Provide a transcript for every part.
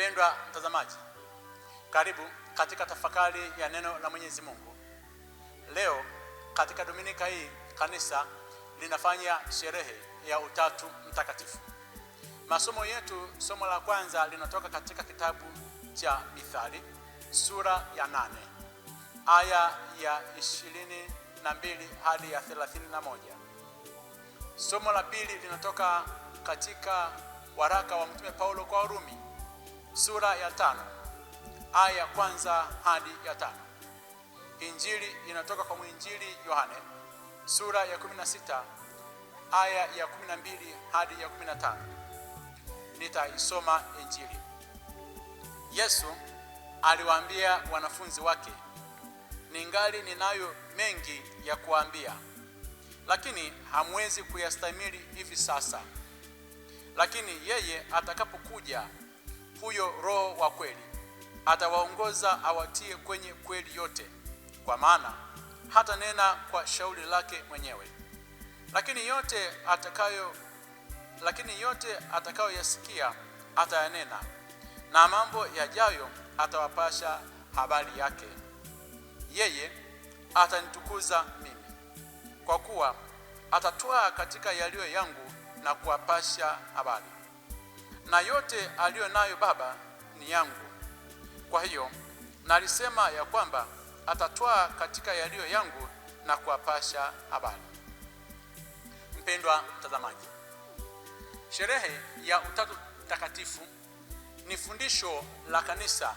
Mpendwa mtazamaji, karibu katika tafakari ya neno la Mwenyezi Mungu. Leo katika Dominika hii kanisa linafanya sherehe ya Utatu Mtakatifu. Masomo yetu, somo la kwanza linatoka katika kitabu cha Mithali sura ya nane aya ya ishirini na mbili hadi ya thelathini na moja. Somo la pili linatoka katika waraka wa Mtume Paulo kwa Warumi sura ya tano aya ya kwanza hadi ya tano. Injili inatoka kwa mwinjili Yohane sura ya 16 aya ya 12 hadi ya 15. Nitaisoma Injili. Yesu aliwaambia wanafunzi wake, ningali ninayo mengi ya kuambia, lakini hamwezi kuyastahimili hivi sasa. Lakini yeye atakapokuja huyo Roho wa kweli, atawaongoza awatie kwenye kweli yote, kwa maana hata nena kwa shauri lake mwenyewe, lakini yote atakayo lakini yote atakayoyasikia atayanena, na mambo yajayo atawapasha habari yake. Yeye atanitukuza mimi, kwa kuwa atatwaa katika yaliyo yangu na kuwapasha habari na yote aliyo nayo Baba ni yangu. Kwa hiyo nalisema ya kwamba atatwaa katika yaliyo yangu na kuwapasha habari. Mpendwa mtazamaji, sherehe ya Utatu Mtakatifu ni fundisho la kanisa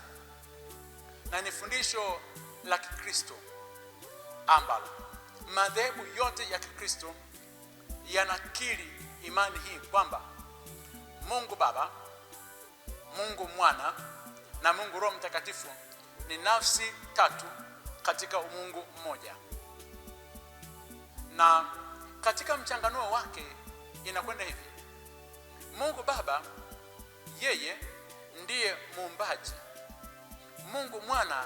na ni fundisho la Kikristo ambalo madhehebu yote ya Kikristo yanakiri imani hii kwamba Mungu Baba, Mungu Mwana na Mungu Roho Mtakatifu ni nafsi tatu katika umungu mmoja, na katika mchanganuo wake inakwenda hivi: Mungu Baba yeye ndiye muumbaji, Mungu Mwana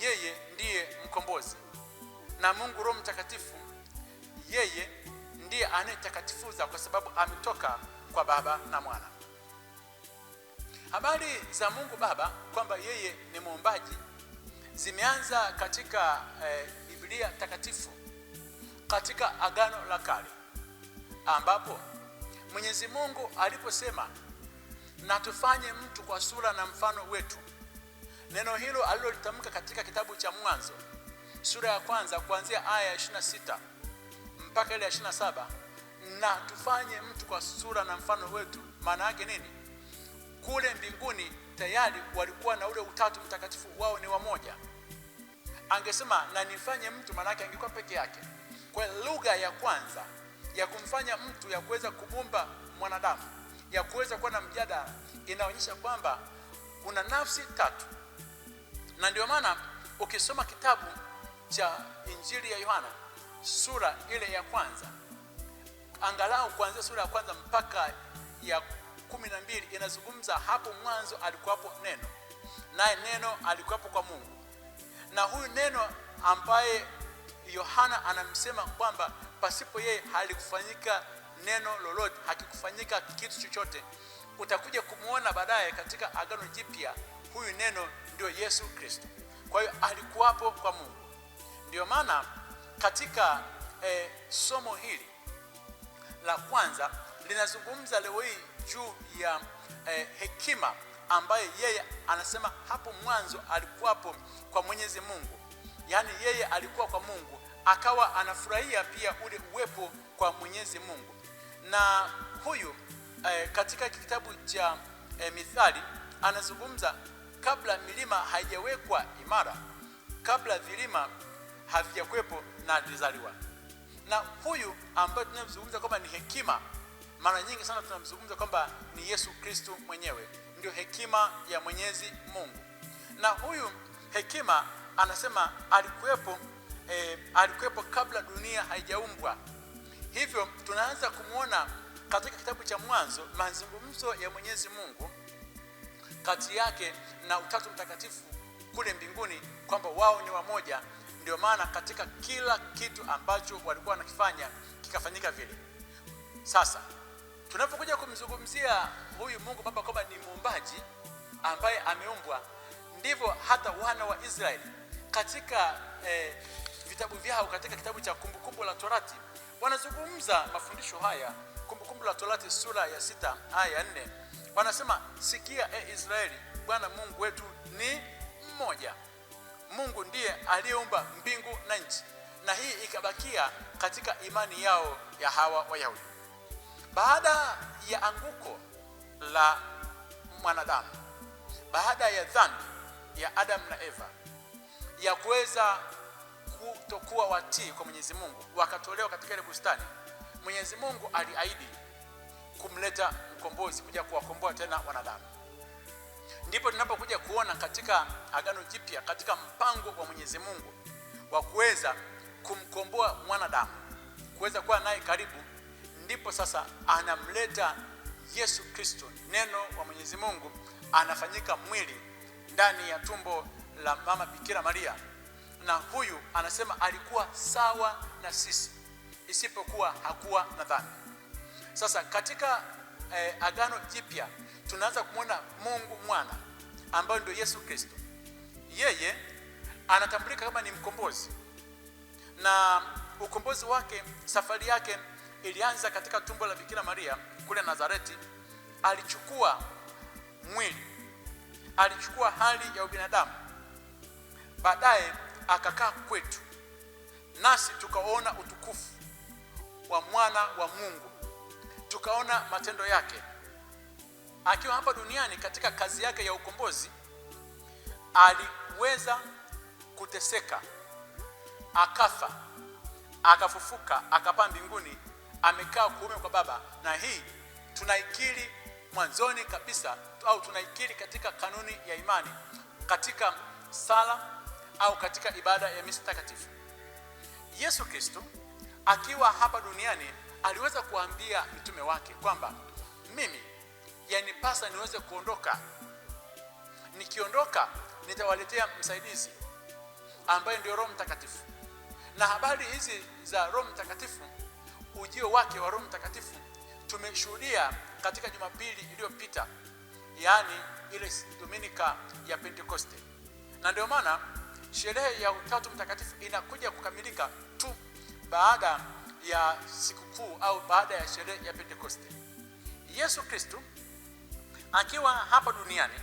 yeye ndiye mkombozi, na Mungu Roho Mtakatifu yeye ndiye anayetakatifuza kwa sababu ametoka kwa Baba na Mwana. Habari za Mungu Baba kwamba yeye ni muumbaji zimeanza katika eh, Biblia takatifu katika Agano la Kale ambapo Mwenyezi Mungu aliposema na tufanye mtu kwa sura na mfano wetu. Neno hilo alilolitamka katika kitabu cha Mwanzo sura ya kwanza kuanzia aya ya 26 mpaka ile ya 27 na tufanye mtu kwa sura na mfano wetu. Maana yake nini? Kule mbinguni tayari walikuwa na ule utatu mtakatifu, wao ni wamoja. Angesema na nifanye mtu, maana yake angekuwa peke yake. Kwa lugha ya kwanza ya kumfanya mtu ya kuweza kumumba mwanadamu ya kuweza kuwa na mjadala inaonyesha kwamba kuna nafsi tatu, na ndio maana ukisoma kitabu cha Injili ya Yohana sura ile ya kwanza angalau kuanzia sura ya kwanza mpaka ya kumi na mbili inazungumza hapo mwanzo alikuwapo neno, naye neno alikuwapo kwa Mungu, na huyu neno ambaye Yohana anamsema kwamba pasipo yeye halikufanyika neno lolote, hakikufanyika kitu chochote. Utakuja kumwona baadaye katika Agano Jipya, huyu neno ndio Yesu Kristo. Kwa hiyo alikuwapo kwa Mungu. Ndiyo maana katika eh, somo hili la kwanza linazungumza leo hii juu ya eh, hekima ambaye yeye anasema hapo mwanzo alikuwapo kwa Mwenyezi Mungu, yaani yeye alikuwa kwa Mungu akawa anafurahia pia ule uwepo kwa Mwenyezi Mungu. Na huyu eh, katika kitabu cha eh, Mithali anazungumza kabla milima haijawekwa imara, kabla vilima havijakwepo na lizaliwa na huyu ambaye tunamzungumza kwamba ni hekima, mara nyingi sana tunamzungumza kwamba ni Yesu Kristu mwenyewe, ndio hekima ya Mwenyezi Mungu. Na huyu hekima anasema alikuwepo, eh, alikuwepo kabla dunia haijaumbwa. Hivyo tunaanza kumwona katika kitabu cha Mwanzo mazungumzo ya Mwenyezi Mungu kati yake na Utatu Mtakatifu kule mbinguni kwamba wao ni wamoja ndio maana katika kila kitu ambacho walikuwa wanakifanya kikafanyika vile. Sasa tunapokuja kumzungumzia huyu Mungu Baba kwamba ni muumbaji ambaye ameumbwa, ndivyo hata wana wa Israeli katika eh, vitabu vyao katika kitabu cha Kumbukumbu la Torati wanazungumza mafundisho haya. Kumbukumbu la Torati sura ya sita aya ya nne wanasema, sikia e Israeli, Bwana Mungu wetu ni mmoja. Mungu ndiye aliyeumba mbingu na nchi, na hii ikabakia katika imani yao ya hawa Wayahudi. Baada ya anguko la mwanadamu, baada ya dhambi ya Adam na Eva ya kuweza kutokuwa watii kwa Mwenyezi Mungu, wakatolewa katika ile bustani, Mwenyezi Mungu aliahidi kumleta mkombozi kuja kuwakomboa tena wanadamu ndipo tunapokuja kuona katika Agano Jipya, katika mpango wa Mwenyezi Mungu wa kuweza kumkomboa mwanadamu, kuweza kuwa naye karibu, ndipo sasa anamleta Yesu Kristo, neno wa Mwenyezi Mungu anafanyika mwili ndani ya tumbo la mama Bikira Maria, na huyu anasema alikuwa sawa na sisi, isipokuwa hakuwa na dhambi. Sasa katika eh, agano jipya tunaanza kumwona Mungu mwana ambayo ndio Yesu Kristo. Yeye anatambulika kama ni mkombozi, na ukombozi wake, safari yake ilianza katika tumbo la Bikira Maria kule Nazareti. Alichukua mwili, alichukua hali ya ubinadamu, baadaye akakaa kwetu, nasi tukaona utukufu wa mwana wa Mungu tukaona matendo yake akiwa hapa duniani katika kazi yake ya ukombozi. Aliweza kuteseka, akafa, akafufuka, akapaa mbinguni, amekaa kuume kwa Baba, na hii tunaikiri mwanzoni kabisa au tunaikiri katika kanuni ya imani, katika sala au katika ibada ya misa takatifu. Yesu Kristo akiwa hapa duniani aliweza kuambia mtume wake kwamba mimi yanipasa niweze kuondoka, nikiondoka nitawaletea msaidizi ambaye ndio Roho Mtakatifu. Na habari hizi za Roho Mtakatifu, ujio wake wa Roho Mtakatifu tumeshuhudia katika Jumapili iliyopita, yaani ile Dominika ya Pentekoste, na ndio maana sherehe ya Utatu Mtakatifu inakuja kukamilika tu baada ya sikukuu au baada ya sherehe ya Pentekoste. Yesu Kristo akiwa hapa duniani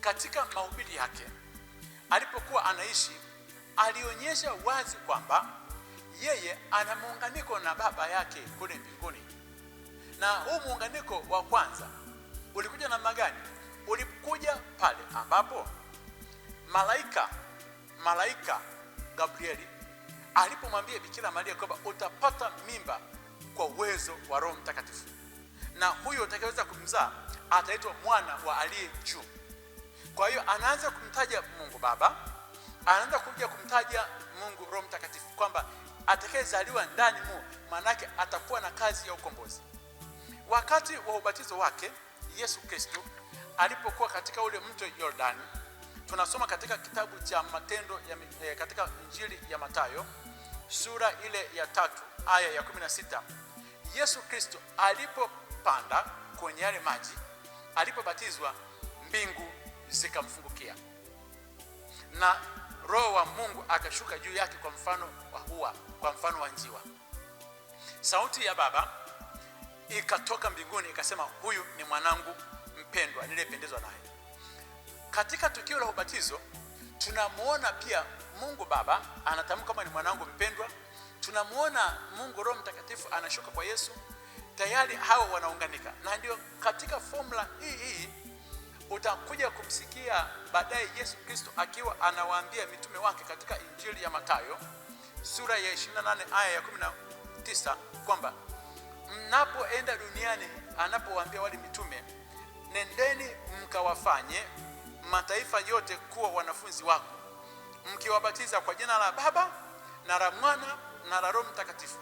katika mahubiri yake alipokuwa anaishi alionyesha wazi kwamba yeye ana muunganiko na Baba yake kule mbinguni, na huu muunganiko wa kwanza ulikuja namna gani? Ulikuja pale ambapo malaika malaika Gabrieli alipomwambia Bikira Maria kwamba utapata mimba kwa uwezo wa Roho Mtakatifu na huyo atakayeweza kumzaa ataitwa mwana wa aliye juu. Kwa hiyo anaanza kumtaja Mungu Baba, anaanza kuja kumtaja Mungu Roho Mtakatifu kwamba atakayezaliwa ndani mu manake atakuwa na kazi ya ukombozi. Wakati wa ubatizo wake Yesu Kristo alipokuwa katika ule mto Yordani, tunasoma katika kitabu cha Matendo ya, eh, katika Injili ya matayo sura ile ya tatu aya ya sita Yesu Kristo alipopanda kwenye yale maji, alipobatizwa, mbingu zikamfungukia na Roho wa Mungu akashuka juu yake kwa mfano wa hua, kwa mfano wa njiwa. Sauti ya Baba ikatoka mbinguni ikasema, huyu ni mwanangu mpendwa niliyependezwa naye. Katika tukio la ubatizo tunamwona pia Mungu Baba anatamka kama ni mwanangu mpendwa. Tunamwona Mungu Roho Mtakatifu anashuka kwa Yesu, tayari hao wanaunganika, na ndio katika formula hii hii utakuja kumsikia baadaye Yesu Kristo akiwa anawaambia mitume wake katika Injili ya Mathayo sura ya 28 aya ya 19 kwamba mnapoenda duniani, anapowaambia wale mitume, nendeni mkawafanye mataifa yote kuwa wanafunzi wako mkiwabatiza kwa jina la Baba na la Mwana na la Roho Mtakatifu,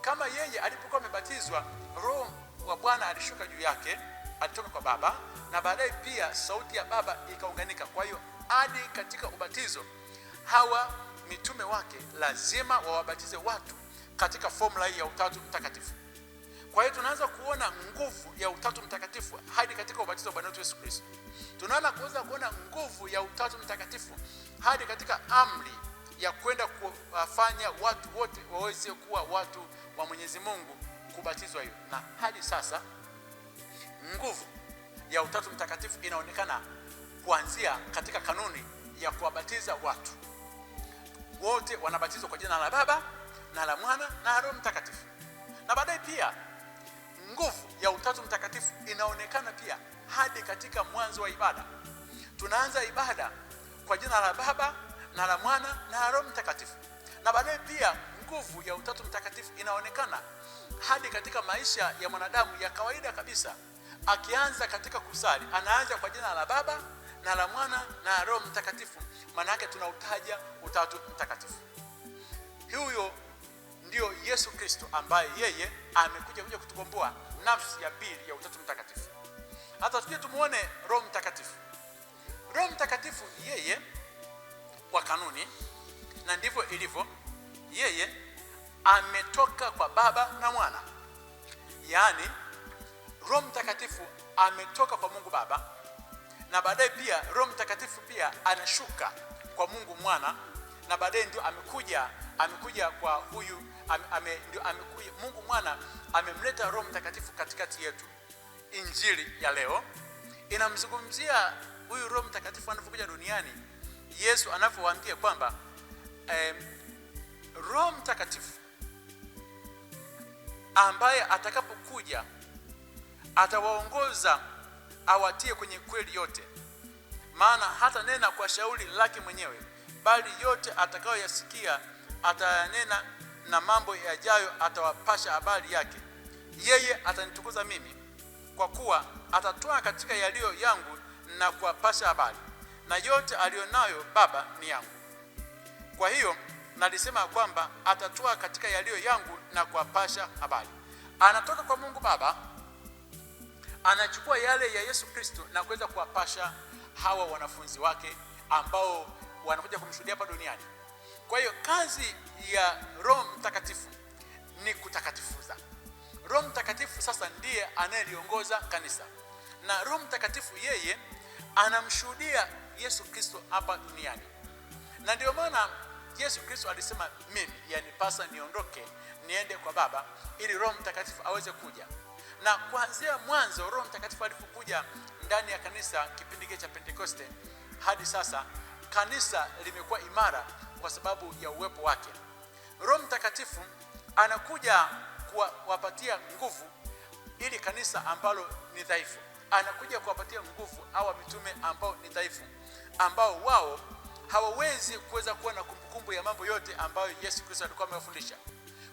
kama yeye alipokuwa amebatizwa, Roho wa Bwana alishuka juu yake, alitoka kwa Baba na baadaye pia sauti ya Baba ikaunganika. Kwa hiyo hadi katika ubatizo hawa mitume wake lazima wawabatize watu katika formula hii ya Utatu Mtakatifu. Kwa hiyo tunaanza kuona nguvu ya Utatu Mtakatifu hadi katika ubatizo wa Bwana wetu Yesu Kristo. Tunaanza kuweza kuona nguvu ya Utatu Mtakatifu hadi katika amri ya kwenda kuwafanya watu wote waweze kuwa watu wa Mwenyezi Mungu kubatizwa hiyo. Na hadi sasa nguvu ya Utatu Mtakatifu inaonekana kuanzia katika kanuni ya kuwabatiza watu wote, wanabatizwa kwa jina la Baba na la Mwana na Roho Mtakatifu. Na baadaye pia nguvu ya Utatu Mtakatifu inaonekana pia hadi katika mwanzo wa ibada. Tunaanza ibada kwa jina la Baba na la Mwana na la Roho Mtakatifu. Na baadaye pia nguvu ya Utatu Mtakatifu inaonekana hadi katika maisha ya mwanadamu ya kawaida kabisa. Akianza katika kusali, anaanza kwa jina la Baba na la Mwana na la Roho Mtakatifu. Maana yake tunautaja Utatu Mtakatifu. Huyo ndio Yesu Kristo ambaye yeye amekuja kuja kutukomboa nafsi ya pili ya Utatu Mtakatifu. Hata tukije tumuone Roho Mtakatifu kanuni, na ndivyo ilivyo. Yeye ametoka kwa Baba na Mwana, yaani Roho Mtakatifu ametoka kwa Mungu Baba, na baadaye pia Roho Mtakatifu pia anashuka kwa Mungu Mwana, na baadaye ndio amekuja amekuja kwa huyu ame, ndio amekuja Mungu Mwana amemleta Roho Mtakatifu katikati yetu. Injili ya leo inamzungumzia huyu Roho Mtakatifu anavyokuja duniani Yesu anavyowaambia kwamba eh, Roho Mtakatifu ambaye atakapokuja atawaongoza awatie kwenye kweli yote, maana hata nena kwa shauri lake mwenyewe, bali yote atakayoyasikia atayanena, na mambo yajayo atawapasha habari yake. Yeye atanitukuza mimi, kwa kuwa atatoa katika yaliyo yangu na kuwapasha habari na yote aliyonayo Baba ni yangu. Kwa hiyo nalisema kwamba atatoa katika yaliyo yangu na kuwapasha habari. Anatoka kwa Mungu Baba, anachukua yale ya Yesu Kristo na kuweza kuwapasha hawa wanafunzi wake ambao wanakuja kumshuhudia hapa duniani. Kwa hiyo kazi ya Roho Mtakatifu ni kutakatifuza. Roho Mtakatifu sasa ndiye anayeliongoza kanisa, na Roho Mtakatifu yeye anamshuhudia Yesu Kristo hapa duniani, na ndio maana Yesu Kristo alisema mimi yani pasa niondoke niende kwa Baba ili Roho Mtakatifu aweze kuja. Na kuanzia mwanzo Roho Mtakatifu alipokuja ndani ya kanisa kipindi cha Pentekoste hadi sasa kanisa limekuwa imara kwa sababu ya uwepo wake. Roho Mtakatifu anakuja kuwapatia nguvu ili kanisa ambalo ni dhaifu, anakuja kuwapatia nguvu hawa mitume ambao ni dhaifu ambao wao hawawezi kuweza kuwa na kumbukumbu ya mambo yote ambayo Yesu Kristo alikuwa amewafundisha.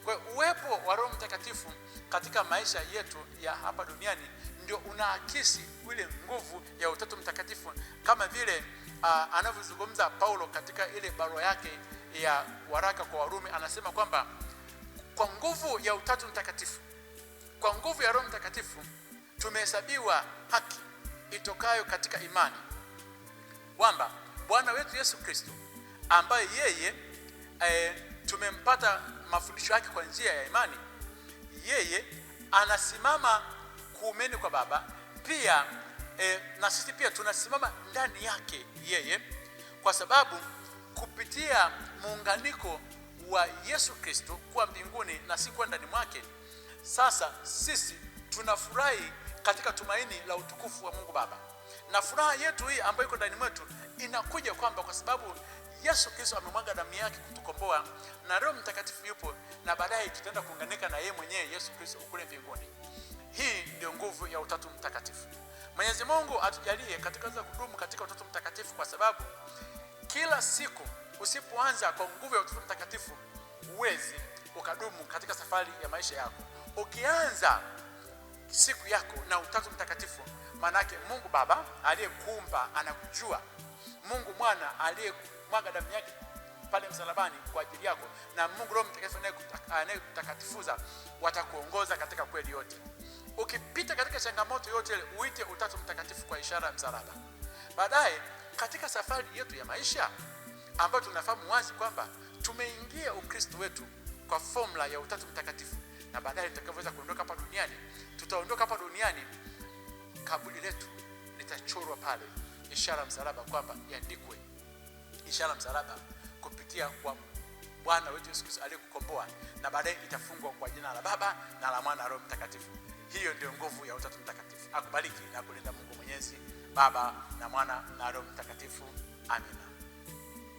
Kwa hiyo uwepo wa Roho Mtakatifu katika maisha yetu ya hapa duniani ndio unaakisi ile nguvu ya Utatu Mtakatifu kama vile uh, anavyozungumza Paulo katika ile barua yake ya waraka kwa Warumi, anasema kwamba kwa nguvu ya Utatu Mtakatifu, kwa nguvu ya Roho Mtakatifu tumehesabiwa haki itokayo katika imani kwamba Bwana wetu Yesu Kristo ambaye yeye e, tumempata mafundisho yake kwa njia ya imani, yeye anasimama kuumeni kwa Baba pia e, na sisi pia tunasimama ndani yake yeye, kwa sababu kupitia muunganiko wa Yesu Kristo kuwa mbinguni na si kuwa ndani mwake, sasa sisi tunafurahi katika tumaini la utukufu wa Mungu Baba na furaha yetu hii ambayo iko ndani mwetu inakuja kwamba kwa sababu Yesu Kristo amemwaga damu yake kutukomboa na Roho Mtakatifu yupo, na baadaye tutaenda kuunganika na yeye mwenyewe Yesu Kristo kule mbinguni. Hii ndio nguvu ya Utatu Mtakatifu. Mwenyezi Mungu atujalie katika za kudumu katika Utatu Mtakatifu, kwa sababu kila siku usipoanza kwa nguvu ya Utatu Mtakatifu huwezi ukadumu katika safari ya maisha yako. Ukianza siku yako na Utatu Mtakatifu. Maanake Mungu Baba aliyekuumba anakujua, Mungu Mwana aliyemwaga damu yake pale msalabani kwa ajili yako, na Mungu Roho Mtakatifu anayekutakatifuza watakuongoza katika kweli yote. Ukipita katika changamoto yote ile, uite Utatu Mtakatifu kwa ishara ya msalaba. Baadaye katika safari yetu ya maisha ambayo tunafahamu wazi kwamba tumeingia Ukristo wetu kwa formula ya Utatu Mtakatifu na baadaye tutakavyoweza kuondoka hapa duniani, tutaondoka hapa duniani, kaburi letu litachorwa pale ishara msalaba, kwamba iandikwe ishara msalaba kupitia kwa Bwana wetu Yesu Kristo aliyekukomboa, na baadaye itafungwa kwa jina la Baba na la Mwana na Roho Mtakatifu. Hiyo ndio nguvu ya Utatu Mtakatifu. Akubariki na kulinda Mungu Mwenyezi, Baba na Mwana na Roho Mtakatifu. Amina.